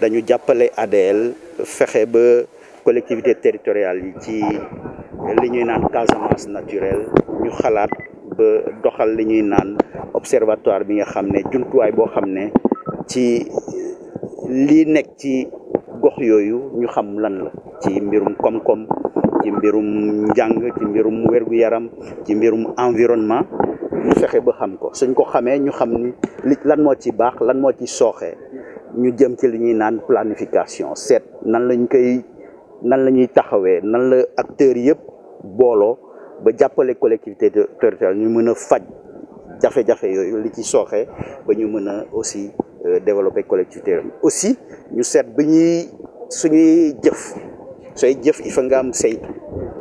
dañu jappalé adel, fexé ba collectivité territoriale yi ci li ñuy naan Casamance naturelle ñu xalaat ba doxal li ñuy naan observatoire bi nga xamné ne jumtuwaay boo xam ci li nek ci gox yoyu ñu xam lan la ci mbirum kom kom ci mbirum jang ci mbirum wergu yaram ci mbirum environnement ñu fexé ba xam ko suñ ko xamé ñu xam ni lan mo ci baax lan mo ci soxé ñu jëm ci li ñuy naan planification seet nan lañ koy nan la ñuy taxawee nan la acteur yëpp booloo ba jàppale collectivité territoriale ñu mën a faj jafe-jafe yooyu li ci sooxee ba ñu mën a aussi euh, développer collectivité aussi ñu seet ba ñuy suñuy jëf sooy jëf il faut nga am saytu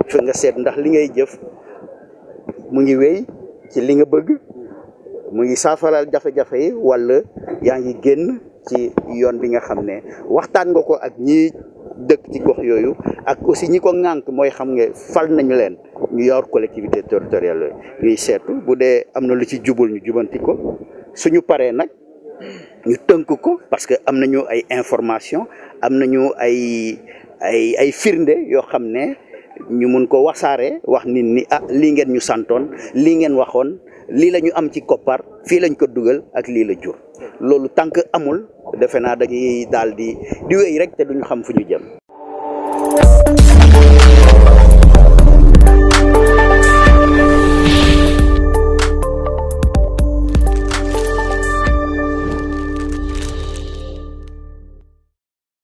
il faut nga seet ndax li ngay jëf mu ngi wéy ci li nga bëgg mu ngi saafaraal jafe-jafe yi walla yaa ngi génn ci yoon bi nga xamne ne waxtaan nga ko ak ñi yoyo, ci gox yoyu ak aussi ñi ko ngank moy xam nga fal nañu len ñu yor collectivité territoriale ñuy bu dé amna lu ci jubul ñu jubanti ko suñu paré nak ñu teunk ko parce que amna ñu ay information amna ñu ay ay ay firnde yo xamne ñu mën ko wasaare wax nit ni ah li ngeen ñu santone li ngeen waxone li lañu am ci copar fi lañ ko dugal ak li la jur lolu tank amul defe naa dañuy daal di di wéy rek te duñu xam fu ñu jëm.